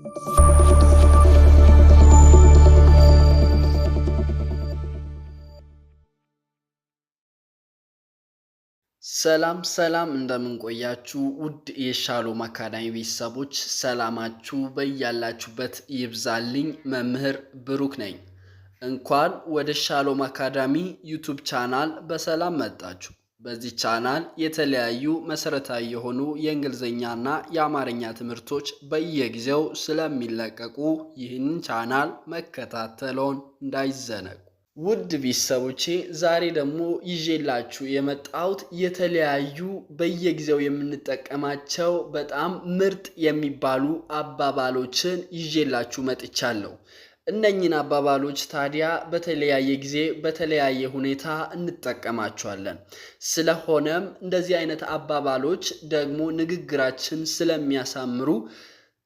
ሰላም ሰላም እንደምንቆያችሁ ውድ የሻሎም አካዳሚ ቤተሰቦች ሰላማችሁ በያላችሁበት ይብዛልኝ። መምህር ብሩክ ነኝ። እንኳን ወደ ሻሎም አካዳሚ ዩቱብ ቻናል በሰላም መጣችሁ። በዚህ ቻናል የተለያዩ መሰረታዊ የሆኑ የእንግሊዝኛና የአማርኛ ትምህርቶች በየጊዜው ስለሚለቀቁ ይህንን ቻናል መከታተለውን እንዳይዘነጉ። ውድ ቤተሰቦቼ ዛሬ ደግሞ ይዤላችሁ የመጣሁት የተለያዩ በየጊዜው የምንጠቀማቸው በጣም ምርጥ የሚባሉ አባባሎችን ይዤላችሁ መጥቻለሁ። እነኝን አባባሎች ታዲያ በተለያየ ጊዜ በተለያየ ሁኔታ እንጠቀማቸዋለን። ስለሆነም እንደዚህ አይነት አባባሎች ደግሞ ንግግራችን ስለሚያሳምሩ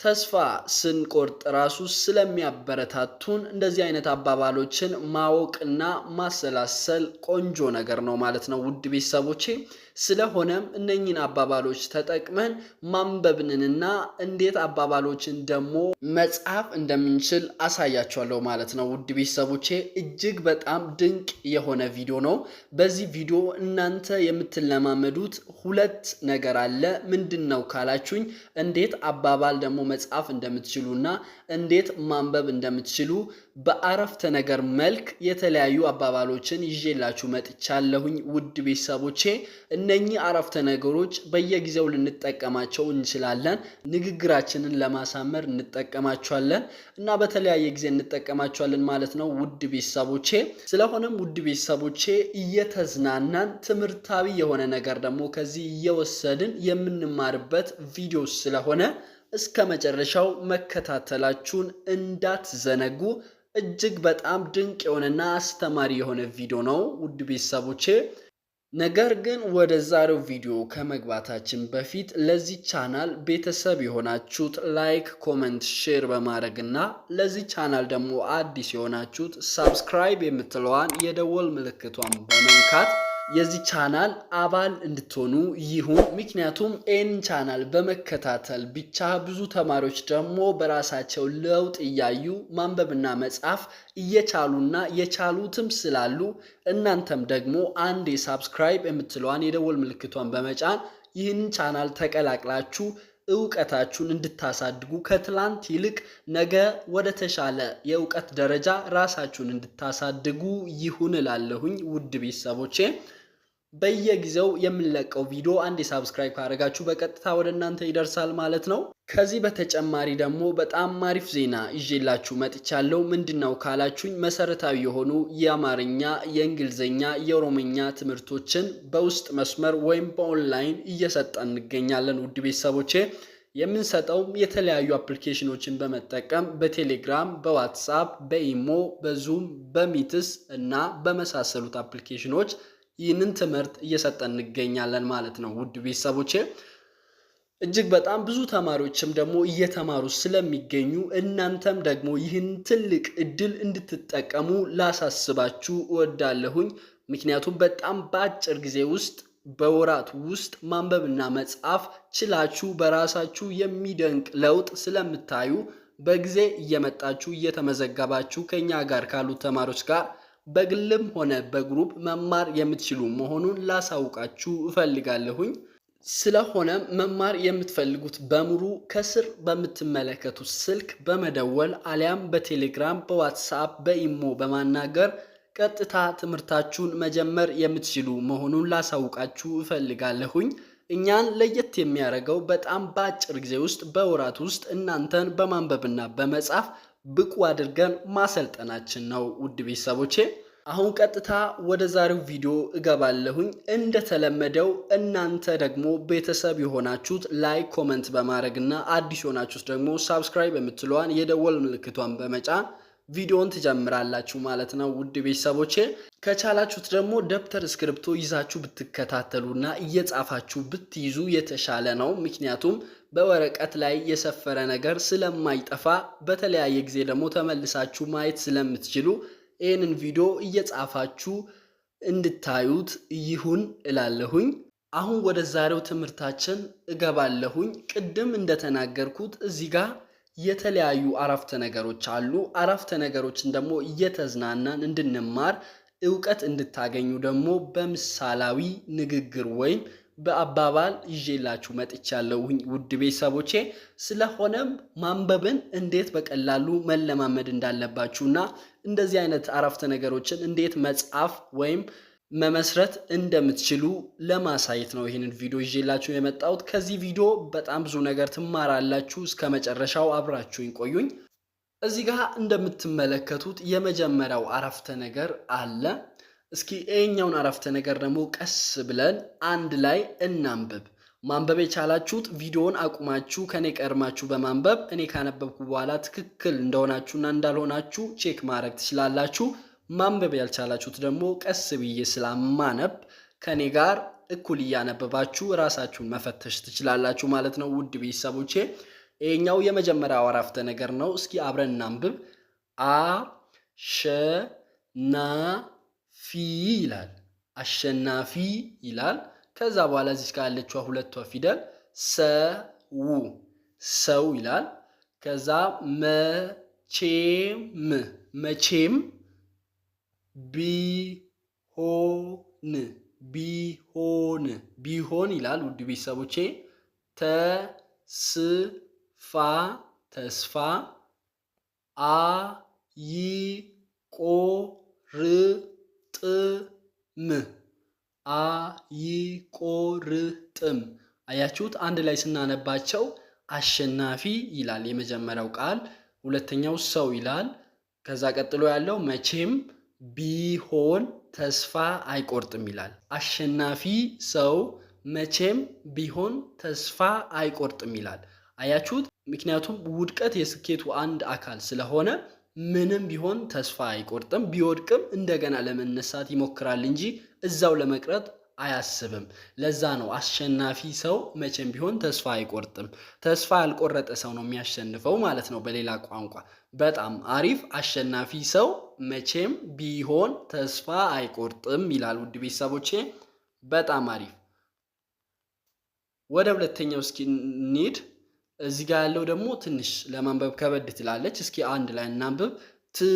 ተስፋ ስንቆርጥ ራሱ ስለሚያበረታቱን እንደዚህ አይነት አባባሎችን ማወቅና ማሰላሰል ቆንጆ ነገር ነው ማለት ነው። ውድ ቤተሰቦቼ ስለሆነም እነኝን አባባሎች ተጠቅመን ማንበብንንና እንዴት አባባሎችን ደግሞ መጻፍ እንደምንችል አሳያችኋለሁ ማለት ነው። ውድ ቤተሰቦቼ እጅግ በጣም ድንቅ የሆነ ቪዲዮ ነው። በዚህ ቪዲዮ እናንተ የምትለማመዱት ሁለት ነገር አለ። ምንድን ነው ካላችሁኝ እንዴት አባባል ደግሞ መጻፍ እንደምትችሉና እንዴት ማንበብ እንደምትችሉ በአረፍተ ነገር መልክ የተለያዩ አባባሎችን ይዤላችሁ መጥቻለሁኝ። ውድ ቤተሰቦቼ እነኚህ አረፍተ ነገሮች በየጊዜው ልንጠቀማቸው እንችላለን። ንግግራችንን ለማሳመር እንጠቀማቸዋለን እና በተለያየ ጊዜ እንጠቀማቸዋለን ማለት ነው። ውድ ቤተሰቦቼ ስለሆነም ውድ ቤተሰቦቼ እየተዝናናን ትምህርታዊ የሆነ ነገር ደግሞ ከዚህ እየወሰድን የምንማርበት ቪዲዮ ስለሆነ እስከ መጨረሻው መከታተላችሁን እንዳትዘነጉ እጅግ በጣም ድንቅ የሆነና አስተማሪ የሆነ ቪዲዮ ነው ውድ ቤተሰቦቼ። ነገር ግን ወደ ዛሬው ቪዲዮ ከመግባታችን በፊት ለዚህ ቻናል ቤተሰብ የሆናችሁት ላይክ፣ ኮመንት፣ ሼር በማድረግ እና ለዚህ ቻናል ደግሞ አዲስ የሆናችሁት ሳብስክራይብ የምትለዋን የደወል ምልክቷን በመንካት የዚህ ቻናል አባል እንድትሆኑ ይሁን። ምክንያቱም ኤን ቻናል በመከታተል ብቻ ብዙ ተማሪዎች ደግሞ በራሳቸው ለውጥ እያዩ ማንበብና መጻፍ እየቻሉና የቻሉትም ስላሉ እናንተም ደግሞ አንድ የሳብስክራይብ የምትለዋን የደወል ምልክቷን በመጫን ይህን ቻናል ተቀላቅላችሁ እውቀታችሁን እንድታሳድጉ ከትላንት ይልቅ ነገ ወደ ተሻለ የእውቀት ደረጃ ራሳችሁን እንድታሳድጉ ይሁን እላለሁኝ ውድ ቤተሰቦቼ። በየጊዜው የምንለቀው ቪዲዮ አንድ የሳብስክራይብ ካደረጋችሁ በቀጥታ ወደ እናንተ ይደርሳል ማለት ነው። ከዚህ በተጨማሪ ደግሞ በጣም አሪፍ ዜና ይዤላችሁ መጥቻለሁ። ምንድን ነው ካላችሁኝ መሰረታዊ የሆኑ የአማርኛ፣ የእንግሊዝኛ፣ የኦሮምኛ ትምህርቶችን በውስጥ መስመር ወይም በኦንላይን እየሰጠን እንገኛለን። ውድ ቤተሰቦቼ የምንሰጠውም የተለያዩ አፕሊኬሽኖችን በመጠቀም በቴሌግራም፣ በዋትሳፕ፣ በኢሞ፣ በዙም፣ በሚትስ እና በመሳሰሉት አፕሊኬሽኖች ይህንን ትምህርት እየሰጠን እንገኛለን ማለት ነው። ውድ ቤተሰቦቼ እጅግ በጣም ብዙ ተማሪዎችም ደግሞ እየተማሩ ስለሚገኙ እናንተም ደግሞ ይህን ትልቅ እድል እንድትጠቀሙ ላሳስባችሁ እወዳለሁኝ። ምክንያቱም በጣም በአጭር ጊዜ ውስጥ በወራት ውስጥ ማንበብና መጻፍ ችላችሁ በራሳችሁ የሚደንቅ ለውጥ ስለምታዩ በጊዜ እየመጣችሁ እየተመዘገባችሁ ከኛ ጋር ካሉት ተማሪዎች ጋር በግልም ሆነ በግሩፕ መማር የምትችሉ መሆኑን ላሳውቃችሁ እፈልጋለሁኝ። ስለሆነ መማር የምትፈልጉት በሙሉ ከስር በምትመለከቱት ስልክ በመደወል አሊያም በቴሌግራም፣ በዋትሳፕ፣ በኢሞ በማናገር ቀጥታ ትምህርታችሁን መጀመር የምትችሉ መሆኑን ላሳውቃችሁ እፈልጋለሁኝ። እኛን ለየት የሚያደርገው በጣም በአጭር ጊዜ ውስጥ በወራት ውስጥ እናንተን በማንበብና በመጻፍ ብቁ አድርገን ማሰልጠናችን ነው። ውድ ቤተሰቦቼ አሁን ቀጥታ ወደ ዛሬው ቪዲዮ እገባለሁኝ። እንደተለመደው እናንተ ደግሞ ቤተሰብ የሆናችሁት ላይክ፣ ኮመንት በማድረግ እና አዲስ የሆናችሁት ደግሞ ሳብስክራይብ የምትለዋን የደወል ምልክቷን በመጫን ቪዲዮን ትጀምራላችሁ ማለት ነው። ውድ ቤተሰቦቼ ከቻላችሁት ደግሞ ደብተር እስክሪብቶ ይዛችሁ ብትከታተሉና እየጻፋችሁ ብትይዙ የተሻለ ነው። ምክንያቱም በወረቀት ላይ የሰፈረ ነገር ስለማይጠፋ በተለያየ ጊዜ ደግሞ ተመልሳችሁ ማየት ስለምትችሉ ይህንን ቪዲዮ እየጻፋችሁ እንድታዩት ይሁን እላለሁኝ። አሁን ወደ ዛሬው ትምህርታችን እገባለሁኝ። ቅድም እንደተናገርኩት እዚህ ጋር የተለያዩ አረፍተ ነገሮች አሉ። አረፍተ ነገሮችን ደግሞ እየተዝናናን እንድንማር እውቀት እንድታገኙ ደግሞ በምሳላዊ ንግግር ወይም በአባባል ይዤላችሁ መጥቻለሁ ውድ ቤተሰቦቼ። ስለሆነም ማንበብን እንዴት በቀላሉ መለማመድ እና እንደዚህ አይነት አረፍተ ነገሮችን እንዴት መጻፍ ወይም መመስረት እንደምትችሉ ለማሳየት ነው ይህንን ቪዲዮ ይዤላችሁ የመጣሁት። ከዚህ ቪዲዮ በጣም ብዙ ነገር ትማራላችሁ። እስከ መጨረሻው አብራችሁኝ ቆዩኝ። እዚህ ጋር እንደምትመለከቱት የመጀመሪያው አረፍተ ነገር አለ። እስኪ ይሄኛውን አረፍተ ነገር ደግሞ ቀስ ብለን አንድ ላይ እናንብብ። ማንበብ የቻላችሁት ቪዲዮውን አቁማችሁ ከኔ ቀድማችሁ በማንበብ እኔ ካነበብኩ በኋላ ትክክል እንደሆናችሁና እንዳልሆናችሁ ቼክ ማድረግ ትችላላችሁ። ማንበብ ያልቻላችሁት ደግሞ ቀስ ብዬ ስላማነብ ከኔ ጋር እኩል እያነበባችሁ ራሳችሁን መፈተሽ ትችላላችሁ ማለት ነው። ውድ ቤተሰቦቼ ይሄኛው የመጀመሪያው አረፍተ ነገር ነው። እስኪ አብረን እናንብብ። አ ሸ ና ፊ ይላል። አሸናፊ ይላል። ከዛ በኋላ እዚህ ካለችዋ ሁለቷ ፊደል ሰው ሰው ይላል። ከዛ መቼም መቼም ቢሆን ቢሆን ቢሆን ይላል። ውድ ቤተሰቦቼ ተስፋ ተስፋ አይቆርጥም አይቆርጥም። አያችሁት? አንድ ላይ ስናነባቸው አሸናፊ ይላል የመጀመሪያው ቃል፣ ሁለተኛው ሰው ይላል። ከዛ ቀጥሎ ያለው መቼም ቢሆን ተስፋ አይቆርጥም ይላል። አሸናፊ ሰው መቼም ቢሆን ተስፋ አይቆርጥም ይላል። አያችሁት? ምክንያቱም ውድቀት የስኬቱ አንድ አካል ስለሆነ ምንም ቢሆን ተስፋ አይቆርጥም። ቢወድቅም እንደገና ለመነሳት ይሞክራል እንጂ እዛው ለመቅረት አያስብም። ለዛ ነው አሸናፊ ሰው መቼም ቢሆን ተስፋ አይቆርጥም። ተስፋ ያልቆረጠ ሰው ነው የሚያሸንፈው ማለት ነው በሌላ ቋንቋ። በጣም አሪፍ። አሸናፊ ሰው መቼም ቢሆን ተስፋ አይቆርጥም ይላል። ውድ ቤተሰቦቼ በጣም አሪፍ። ወደ ሁለተኛው እስኪ እንሂድ። እዚህ ጋር ያለው ደግሞ ትንሽ ለማንበብ ከበድ ትላለች። እስኪ አንድ ላይ እናንብብ። ት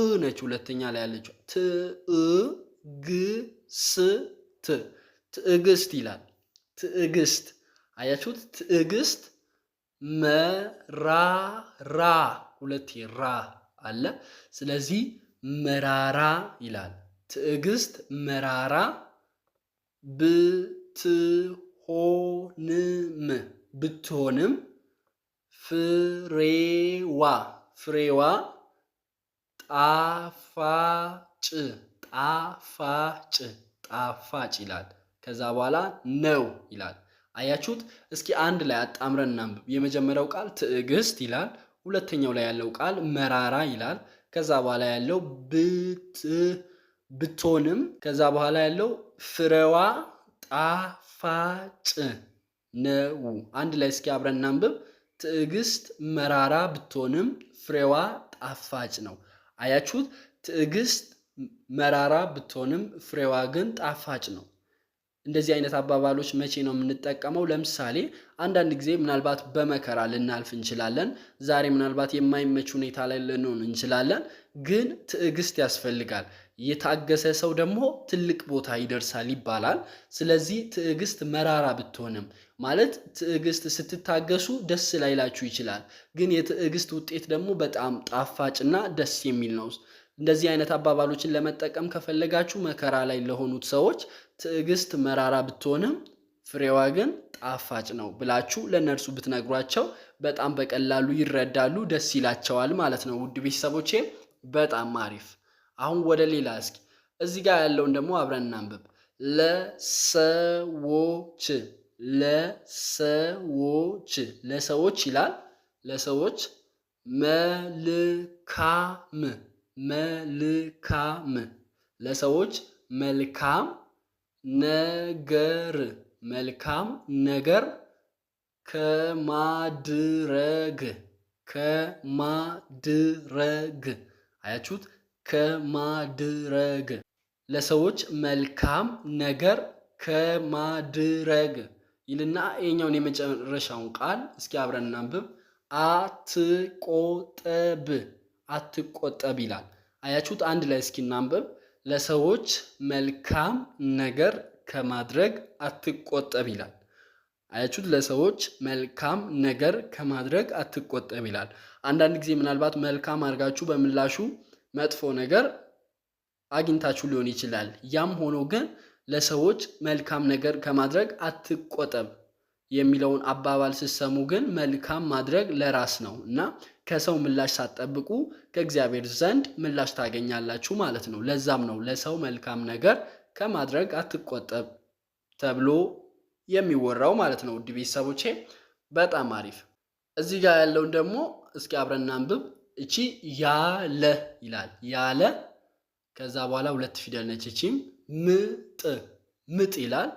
እ ነች ሁለተኛ ላይ ያለችው ት እ ግ ስ ት ትዕግስት ይላል። ትዕግስት አያችሁት? ትዕግስት መራራ ሁለት ራ አለ። ስለዚህ መራራ ይላል። ትዕግስት መራራ ብትሆንም ብትሆንም ፍሬዋ ፍሬዋ ጣፋጭ ጣፋጭ ጣፋጭ ይላል። ከዛ በኋላ ነው ይላል። አያችሁት? እስኪ አንድ ላይ አጣምረን እናንብብ። የመጀመሪያው ቃል ትዕግስት ይላል። ሁለተኛው ላይ ያለው ቃል መራራ ይላል። ከዛ በኋላ ያለው ብት ብትሆንም ከዛ በኋላ ያለው ፍሬዋ ጣፋጭ ነው። አንድ ላይ እስኪ አብረን እናንብብ። ትዕግስት መራራ ብትሆንም ፍሬዋ ጣፋጭ ነው። አያችሁት? ትዕግስት መራራ ብትሆንም ፍሬዋ ግን ጣፋጭ ነው። እንደዚህ አይነት አባባሎች መቼ ነው የምንጠቀመው? ለምሳሌ አንዳንድ ጊዜ ምናልባት በመከራ ልናልፍ እንችላለን። ዛሬ ምናልባት የማይመች ሁኔታ ላይ ልንሆን እንችላለን። ግን ትዕግስት ያስፈልጋል። የታገሰ ሰው ደግሞ ትልቅ ቦታ ይደርሳል ይባላል። ስለዚህ ትዕግስት መራራ ብትሆንም ማለት ትዕግስት ስትታገሱ ደስ ላይላችሁ ይችላል። ግን የትዕግስት ውጤት ደግሞ በጣም ጣፋጭና ደስ የሚል ነው። እንደዚህ አይነት አባባሎችን ለመጠቀም ከፈለጋችሁ መከራ ላይ ለሆኑት ሰዎች ትዕግስት መራራ ብትሆንም ፍሬዋ ግን ጣፋጭ ነው ብላችሁ ለእነርሱ ብትነግሯቸው በጣም በቀላሉ ይረዳሉ፣ ደስ ይላቸዋል ማለት ነው። ውድ ቤተሰቦቼ በጣም አሪፍ። አሁን ወደ ሌላ እስኪ እዚህ ጋር ያለውን ደግሞ አብረን እናንብብ። ለሰዎች ለሰዎች ለሰዎች ይላል ለሰዎች መልካም መልካም ለሰዎች መልካም ነገር መልካም ነገር ከማድረግ ከማድረግ አያችሁት? ከማድረግ ለሰዎች መልካም ነገር ከማድረግ ይልና ይሄኛውን የመጨረሻውን ቃል እስኪ አብረን እናንብብ። አትቆጠብ አትቆጠብ ይላል። አያችሁት? አንድ ላይ እስኪ እናንብብ። ለሰዎች መልካም ነገር ከማድረግ አትቆጠብ ይላል። አያችሁት? ለሰዎች መልካም ነገር ከማድረግ አትቆጠብ ይላል። አንዳንድ ጊዜ ምናልባት መልካም አድርጋችሁ በምላሹ መጥፎ ነገር አግኝታችሁ ሊሆን ይችላል። ያም ሆኖ ግን ለሰዎች መልካም ነገር ከማድረግ አትቆጠብ የሚለውን አባባል ስትሰሙ ግን መልካም ማድረግ ለራስ ነው እና ከሰው ምላሽ ሳትጠብቁ ከእግዚአብሔር ዘንድ ምላሽ ታገኛላችሁ ማለት ነው። ለዛም ነው ለሰው መልካም ነገር ከማድረግ አትቆጠብ ተብሎ የሚወራው ማለት ነው። ውድ ቤተሰቦቼ በጣም አሪፍ። እዚህ ጋር ያለውን ደግሞ እስኪ አብረን አንብብ እቺ ያለ ይላል ያለ፣ ከዛ በኋላ ሁለት ፊደል ነች። እቺም ምጥ ምጥ ይላል።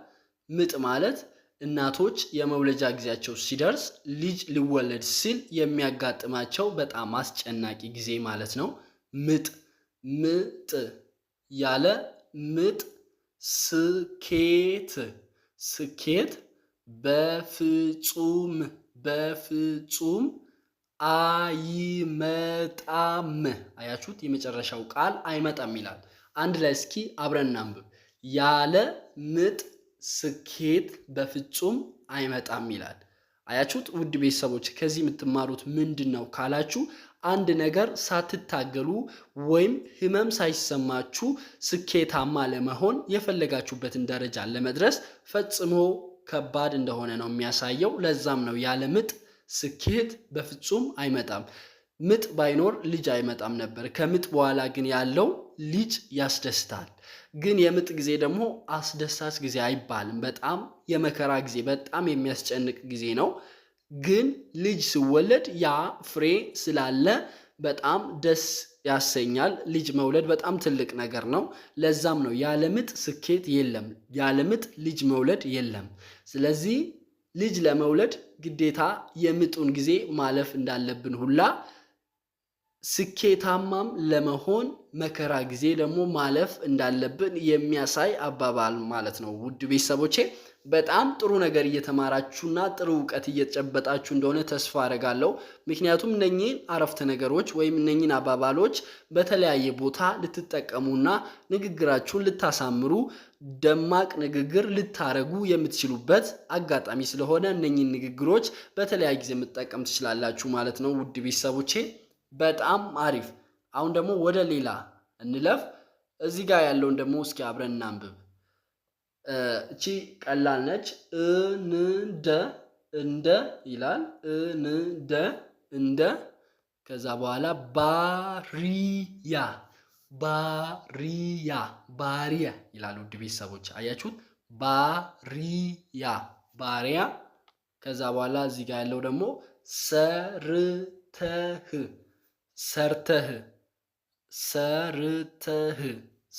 ምጥ ማለት እናቶች የመውለጃ ጊዜያቸው ሲደርስ ልጅ ሊወለድ ሲል የሚያጋጥማቸው በጣም አስጨናቂ ጊዜ ማለት ነው። ምጥ ምጥ ያለ ምጥ ስኬት ስኬት በፍጹም በፍጹም አይመጣም። አያችሁት? የመጨረሻው ቃል አይመጣም ይላል። አንድ ላይ እስኪ አብረን እናንብብ። ያለ ምጥ ስኬት በፍጹም አይመጣም ይላል። አያችሁት? ውድ ቤተሰቦች ከዚህ የምትማሩት ምንድን ነው ካላችሁ አንድ ነገር ሳትታገሉ ወይም ህመም ሳይሰማችሁ ስኬታማ ለመሆን የፈለጋችሁበትን ደረጃ ለመድረስ ፈጽሞ ከባድ እንደሆነ ነው የሚያሳየው። ለዛም ነው ያለ ምጥ ስኬት በፍጹም አይመጣም። ምጥ ባይኖር ልጅ አይመጣም ነበር። ከምጥ በኋላ ግን ያለው ልጅ ያስደስታል። ግን የምጥ ጊዜ ደግሞ አስደሳች ጊዜ አይባልም። በጣም የመከራ ጊዜ፣ በጣም የሚያስጨንቅ ጊዜ ነው። ግን ልጅ ሲወለድ ያ ፍሬ ስላለ በጣም ደስ ያሰኛል። ልጅ መውለድ በጣም ትልቅ ነገር ነው። ለዛም ነው ያለምጥ ስኬት የለም፣ ያለምጥ ልጅ መውለድ የለም። ስለዚህ ልጅ ለመውለድ ግዴታ የምጡን ጊዜ ማለፍ እንዳለብን ሁላ ስኬታማም ለመሆን መከራ ጊዜ ደግሞ ማለፍ እንዳለብን የሚያሳይ አባባል ማለት ነው። ውድ ቤተሰቦቼ በጣም ጥሩ ነገር እየተማራችሁና ጥሩ እውቀት እየተጨበጣችሁ እንደሆነ ተስፋ አደርጋለሁ። ምክንያቱም እነኚህን አረፍተ ነገሮች ወይም እነኚህን አባባሎች በተለያየ ቦታ ልትጠቀሙና ንግግራችሁን ልታሳምሩ ደማቅ ንግግር ልታረጉ የምትችሉበት አጋጣሚ ስለሆነ እነኚህን ንግግሮች በተለያየ ጊዜ የምትጠቀም ትችላላችሁ ማለት ነው ውድ ቤተሰቦቼ በጣም አሪፍ። አሁን ደግሞ ወደ ሌላ እንለፍ። እዚህ ጋር ያለውን ደግሞ እስኪ አብረን እናንብብ። እቺ ቀላል ነች። እንደ እንደ ይላል። እንደ እንደ ከዛ በኋላ ባሪያ ባሪያ ባሪያ ይላል። ውድ ቤተሰቦች አያችሁት? ባሪያ ባሪያ። ከዛ በኋላ እዚህ ጋር ያለው ደግሞ ሰርተህ ሰርተህ ሰርተህ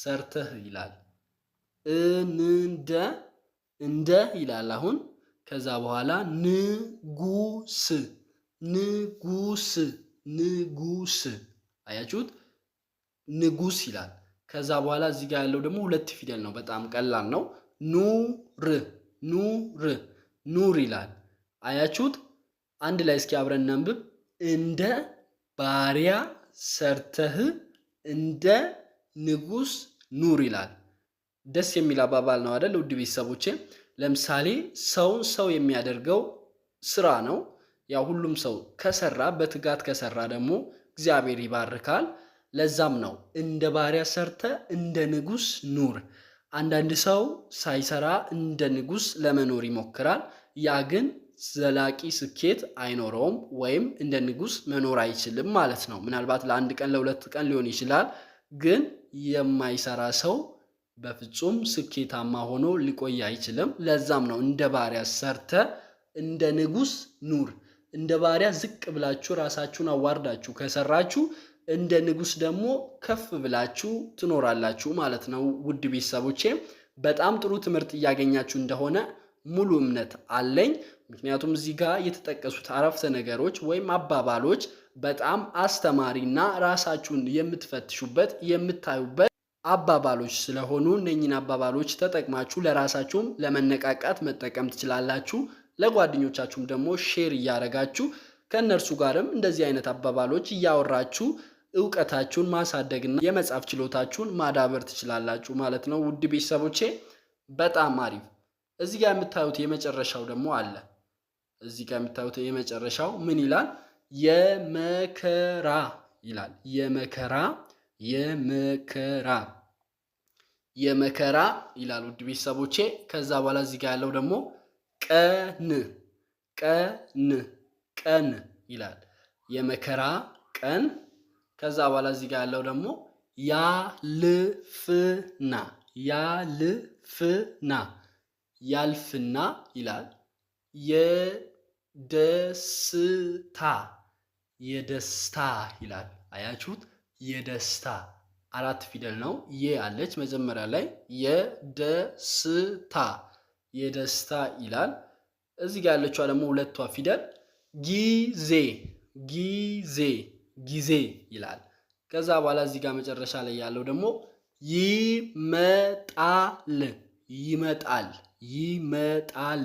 ሰርተህ ይላል። እንደ እንደ ይላል አሁን ከዛ በኋላ ንጉስ ንጉስ ንጉስ አያችሁት? ንጉስ ይላል። ከዛ በኋላ እዚህ ጋር ያለው ደግሞ ሁለት ፊደል ነው። በጣም ቀላል ነው። ኑር ኑር ኑር ይላል። አያችሁት? አንድ ላይ እስኪ አብረን እናንብብ እንደ ባሪያ ሰርተህ እንደ ንጉስ ኑር ይላል። ደስ የሚል አባባል ነው አደል? ውድ ቤተሰቦቼ፣ ለምሳሌ ሰውን ሰው የሚያደርገው ስራ ነው። ያ ሁሉም ሰው ከሰራ በትጋት ከሰራ ደግሞ እግዚአብሔር ይባርካል። ለዛም ነው እንደ ባሪያ ሰርተ እንደ ንጉስ ኑር። አንዳንድ ሰው ሳይሰራ እንደ ንጉስ ለመኖር ይሞክራል። ያ ግን ዘላቂ ስኬት አይኖረውም ወይም እንደ ንጉስ መኖር አይችልም ማለት ነው። ምናልባት ለአንድ ቀን ለሁለት ቀን ሊሆን ይችላል። ግን የማይሰራ ሰው በፍጹም ስኬታማ ሆኖ ሊቆይ አይችልም። ለዛም ነው እንደ ባሪያ ሰርተ እንደ ንጉስ ኑር። እንደ ባሪያ ዝቅ ብላችሁ ራሳችሁን አዋርዳችሁ ከሰራችሁ እንደ ንጉስ ደግሞ ከፍ ብላችሁ ትኖራላችሁ ማለት ነው። ውድ ቤተሰቦቼ በጣም ጥሩ ትምህርት እያገኛችሁ እንደሆነ ሙሉ እምነት አለኝ። ምክንያቱም እዚህ ጋር የተጠቀሱት አረፍተ ነገሮች ወይም አባባሎች በጣም አስተማሪና ራሳችሁን የምትፈትሹበት የምታዩበት አባባሎች ስለሆኑ እነኝን አባባሎች ተጠቅማችሁ ለራሳችሁም ለመነቃቃት መጠቀም ትችላላችሁ። ለጓደኞቻችሁም ደግሞ ሼር እያደረጋችሁ ከእነርሱ ጋርም እንደዚህ አይነት አባባሎች እያወራችሁ እውቀታችሁን ማሳደግና የመጻፍ ችሎታችሁን ማዳበር ትችላላችሁ ማለት ነው። ውድ ቤተሰቦቼ በጣም አሪፍ። እዚህ ጋር የምታዩት የመጨረሻው ደግሞ አለ እዚህ ጋር የምታዩት የመጨረሻው ምን ይላል? የመከራ ይላል። የመከራ የመከራ የመከራ ይላል። ውድ ቤተሰቦቼ ከዛ በኋላ እዚህ ጋር ያለው ደግሞ ቀን ቀን ቀን ይላል። የመከራ ቀን ከዛ በኋላ እዚህ ጋር ያለው ደግሞ ያልፍና ያልፍና ያልፍና ይላል። ደስታ የደስታ ይላል። አያችሁት? የደስታ አራት ፊደል ነው። የ አለች መጀመሪያ ላይ የደስታ የደስታ ይላል። እዚህ ጋር ያለችዋ ደግሞ ሁለቷ ፊደል ጊዜ ጊዜ ጊዜ ይላል። ከዛ በኋላ እዚህ ጋር መጨረሻ ላይ ያለው ደግሞ ይመጣል ይመጣል ይመጣል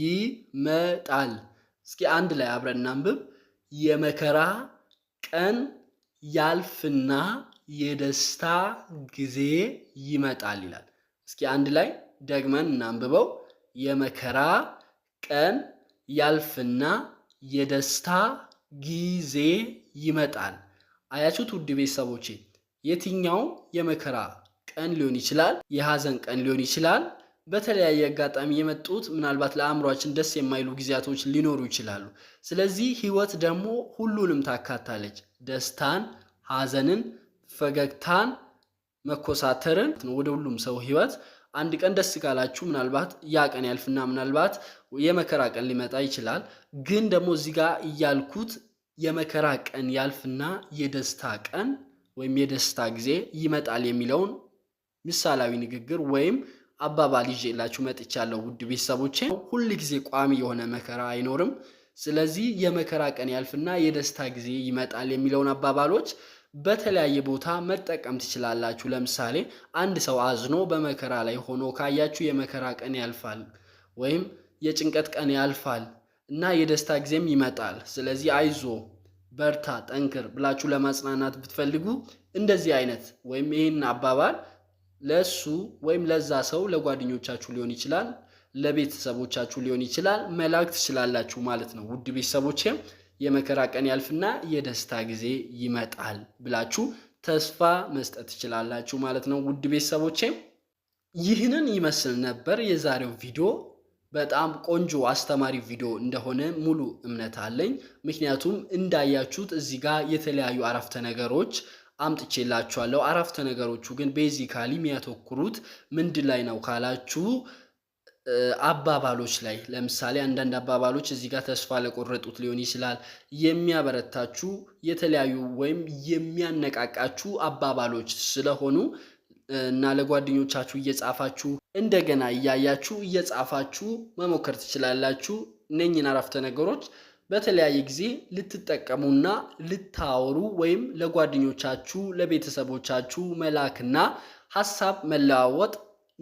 ይመጣል። እስኪ አንድ ላይ አብረን እናንብብ። የመከራ ቀን ያልፍና የደስታ ጊዜ ይመጣል ይላል። እስኪ አንድ ላይ ደግመን እናንብበው። የመከራ ቀን ያልፍና የደስታ ጊዜ ይመጣል። አያችሁት ውድ ቤተሰቦቼ፣ የትኛው የመከራ ቀን ሊሆን ይችላል፣ የሐዘን ቀን ሊሆን ይችላል በተለያየ አጋጣሚ የመጡት ምናልባት ለአእምሯችን ደስ የማይሉ ጊዜያቶች ሊኖሩ ይችላሉ። ስለዚህ ህይወት ደግሞ ሁሉንም ታካታለች። ደስታን፣ ሐዘንን፣ ፈገግታን፣ መኮሳተርን ወደ ሁሉም ሰው ህይወት አንድ ቀን ደስ ካላችሁ ምናልባት ያ ቀን ያልፍና ምናልባት የመከራ ቀን ሊመጣ ይችላል። ግን ደግሞ እዚህ ጋር እያልኩት የመከራ ቀን ያልፍና የደስታ ቀን ወይም የደስታ ጊዜ ይመጣል የሚለውን ምሳሌያዊ ንግግር ወይም አባባል ይዤላችሁ መጥቻለሁ። ውድ ቤተሰቦቼ ሁል ጊዜ ቋሚ የሆነ መከራ አይኖርም። ስለዚህ የመከራ ቀን ያልፍና የደስታ ጊዜ ይመጣል የሚለውን አባባሎች በተለያየ ቦታ መጠቀም ትችላላችሁ። ለምሳሌ አንድ ሰው አዝኖ በመከራ ላይ ሆኖ ካያችሁ የመከራ ቀን ያልፋል ወይም የጭንቀት ቀን ያልፋል እና የደስታ ጊዜም ይመጣል። ስለዚህ አይዞ፣ በርታ፣ ጠንክር ብላችሁ ለማጽናናት ብትፈልጉ እንደዚህ አይነት ወይም ይህን አባባል ለእሱ ወይም ለዛ ሰው ለጓደኞቻችሁ ሊሆን ይችላል፣ ለቤተሰቦቻችሁ ሊሆን ይችላል መላክ ትችላላችሁ ማለት ነው። ውድ ቤተሰቦቼም የመከራ ቀን ያልፍና የደስታ ጊዜ ይመጣል ብላችሁ ተስፋ መስጠት ትችላላችሁ ማለት ነው። ውድ ቤተሰቦቼም ይህንን ይመስል ነበር የዛሬው ቪዲዮ። በጣም ቆንጆ አስተማሪ ቪዲዮ እንደሆነ ሙሉ እምነት አለኝ። ምክንያቱም እንዳያችሁት እዚህ ጋር የተለያዩ አረፍተ ነገሮች አምጥቼላችኋለሁ። አረፍተ ነገሮቹ ግን ቤዚካሊ የሚያተኩሩት ምንድን ላይ ነው ካላችሁ አባባሎች ላይ ለምሳሌ አንዳንድ አባባሎች እዚህ ጋር ተስፋ ለቆረጡት ሊሆን ይችላል። የሚያበረታችሁ የተለያዩ ወይም የሚያነቃቃችሁ አባባሎች ስለሆኑ እና ለጓደኞቻችሁ እየጻፋችሁ እንደገና እያያችሁ እየጻፋችሁ መሞከር ትችላላችሁ። እነኝን አረፍተ ነገሮች በተለያየ ጊዜ ልትጠቀሙና ልታወሩ ወይም ለጓደኞቻችሁ ለቤተሰቦቻችሁ መላክና ሀሳብ መለዋወጥ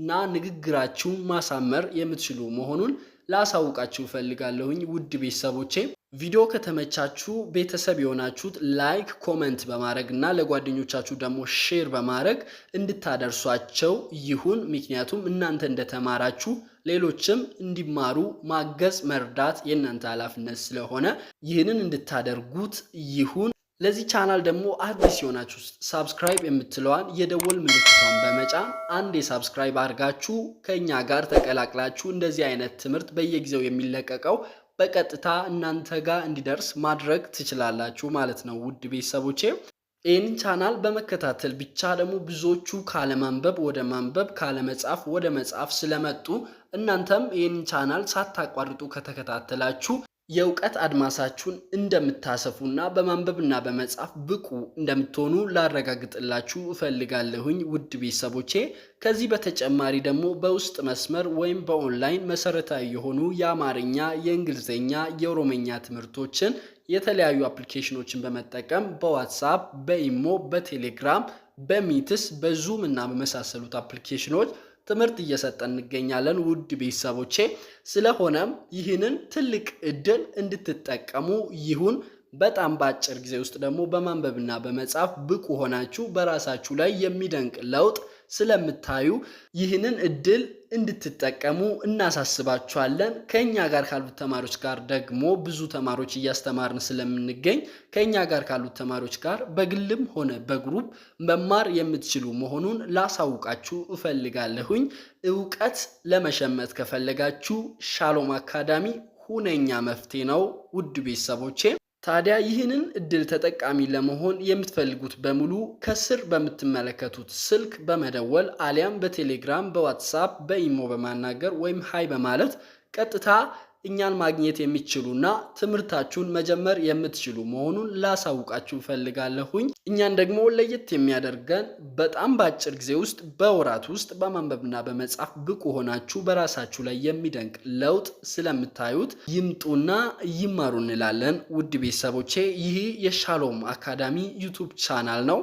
እና ንግግራችሁ ማሳመር የምትችሉ መሆኑን ላሳውቃችሁ እፈልጋለሁኝ ውድ ቤተሰቦቼ። ቪዲዮ ከተመቻችሁ ቤተሰብ የሆናችሁት ላይክ፣ ኮመንት በማድረግ እና ለጓደኞቻችሁ ደግሞ ሼር በማድረግ እንድታደርሷቸው ይሁን። ምክንያቱም እናንተ እንደተማራችሁ ሌሎችም እንዲማሩ ማገዝ፣ መርዳት የእናንተ ኃላፊነት ስለሆነ ይህንን እንድታደርጉት ይሁን። ለዚህ ቻናል ደግሞ አዲስ የሆናችሁ ሳብስክራይብ የምትለዋን የደወል ምልክቷን በመጫን አንድ የሳብስክራይብ አድርጋችሁ ከእኛ ጋር ተቀላቅላችሁ እንደዚህ አይነት ትምህርት በየጊዜው የሚለቀቀው በቀጥታ እናንተ ጋር እንዲደርስ ማድረግ ትችላላችሁ ማለት ነው። ውድ ቤተሰቦቼ ይህንን ቻናል በመከታተል ብቻ ደግሞ ብዙዎቹ ካለማንበብ ወደ ማንበብ ካለመጻፍ ወደ መጻፍ ስለመጡ እናንተም ይህንን ቻናል ሳታቋርጡ ከተከታተላችሁ የእውቀት አድማሳችሁን እንደምታሰፉና በማንበብና በመጻፍ ብቁ እንደምትሆኑ ላረጋግጥላችሁ እፈልጋለሁኝ ውድ ቤተሰቦቼ። ከዚህ በተጨማሪ ደግሞ በውስጥ መስመር ወይም በኦንላይን መሰረታዊ የሆኑ የአማርኛ፣ የእንግሊዝኛ፣ የኦሮምኛ ትምህርቶችን የተለያዩ አፕሊኬሽኖችን በመጠቀም በዋትሳፕ፣ በኢሞ፣ በቴሌግራም፣ በሚትስ፣ በዙም እና በመሳሰሉት አፕሊኬሽኖች ትምህርት እየሰጠ እንገኛለን ውድ ቤተሰቦቼ። ስለሆነም ይህንን ትልቅ እድል እንድትጠቀሙ ይሁን። በጣም በአጭር ጊዜ ውስጥ ደግሞ በማንበብና በመጻፍ ብቁ ሆናችሁ በራሳችሁ ላይ የሚደንቅ ለውጥ ስለምታዩ ይህንን እድል እንድትጠቀሙ እናሳስባችኋለን። ከእኛ ጋር ካሉት ተማሪዎች ጋር ደግሞ ብዙ ተማሪዎች እያስተማርን ስለምንገኝ ከእኛ ጋር ካሉት ተማሪዎች ጋር በግልም ሆነ በግሩፕ መማር የምትችሉ መሆኑን ላሳውቃችሁ እፈልጋለሁኝ። እውቀት ለመሸመት ከፈለጋችሁ ሻሎም አካዳሚ ሁነኛ መፍትሄ ነው። ውድ ቤተሰቦቼ ታዲያ ይህንን እድል ተጠቃሚ ለመሆን የምትፈልጉት በሙሉ ከስር በምትመለከቱት ስልክ በመደወል አሊያም በቴሌግራም፣ በዋትሳፕ፣ በኢሞ በማናገር ወይም ሀይ በማለት ቀጥታ እኛን ማግኘት የሚችሉና ትምህርታችሁን መጀመር የምትችሉ መሆኑን ላሳውቃችሁ ፈልጋለሁኝ። እኛን ደግሞ ለየት የሚያደርገን በጣም በአጭር ጊዜ ውስጥ በወራት ውስጥ በማንበብና በመጻፍ ብቁ ሆናችሁ በራሳችሁ ላይ የሚደንቅ ለውጥ ስለምታዩት ይምጡና ይማሩ እንላለን። ውድ ቤተሰቦቼ ይህ የሻሎም አካዳሚ ዩቱብ ቻናል ነው።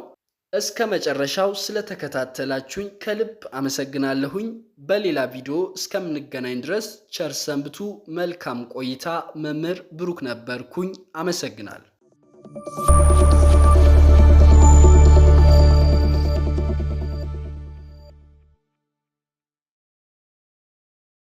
እስከ መጨረሻው ስለተከታተላችሁኝ ከልብ አመሰግናለሁኝ። በሌላ ቪዲዮ እስከምንገናኝ ድረስ ቸር ሰንብቱ። መልካም ቆይታ። መምህር ብሩክ ነበርኩኝ። አመሰግናለሁ።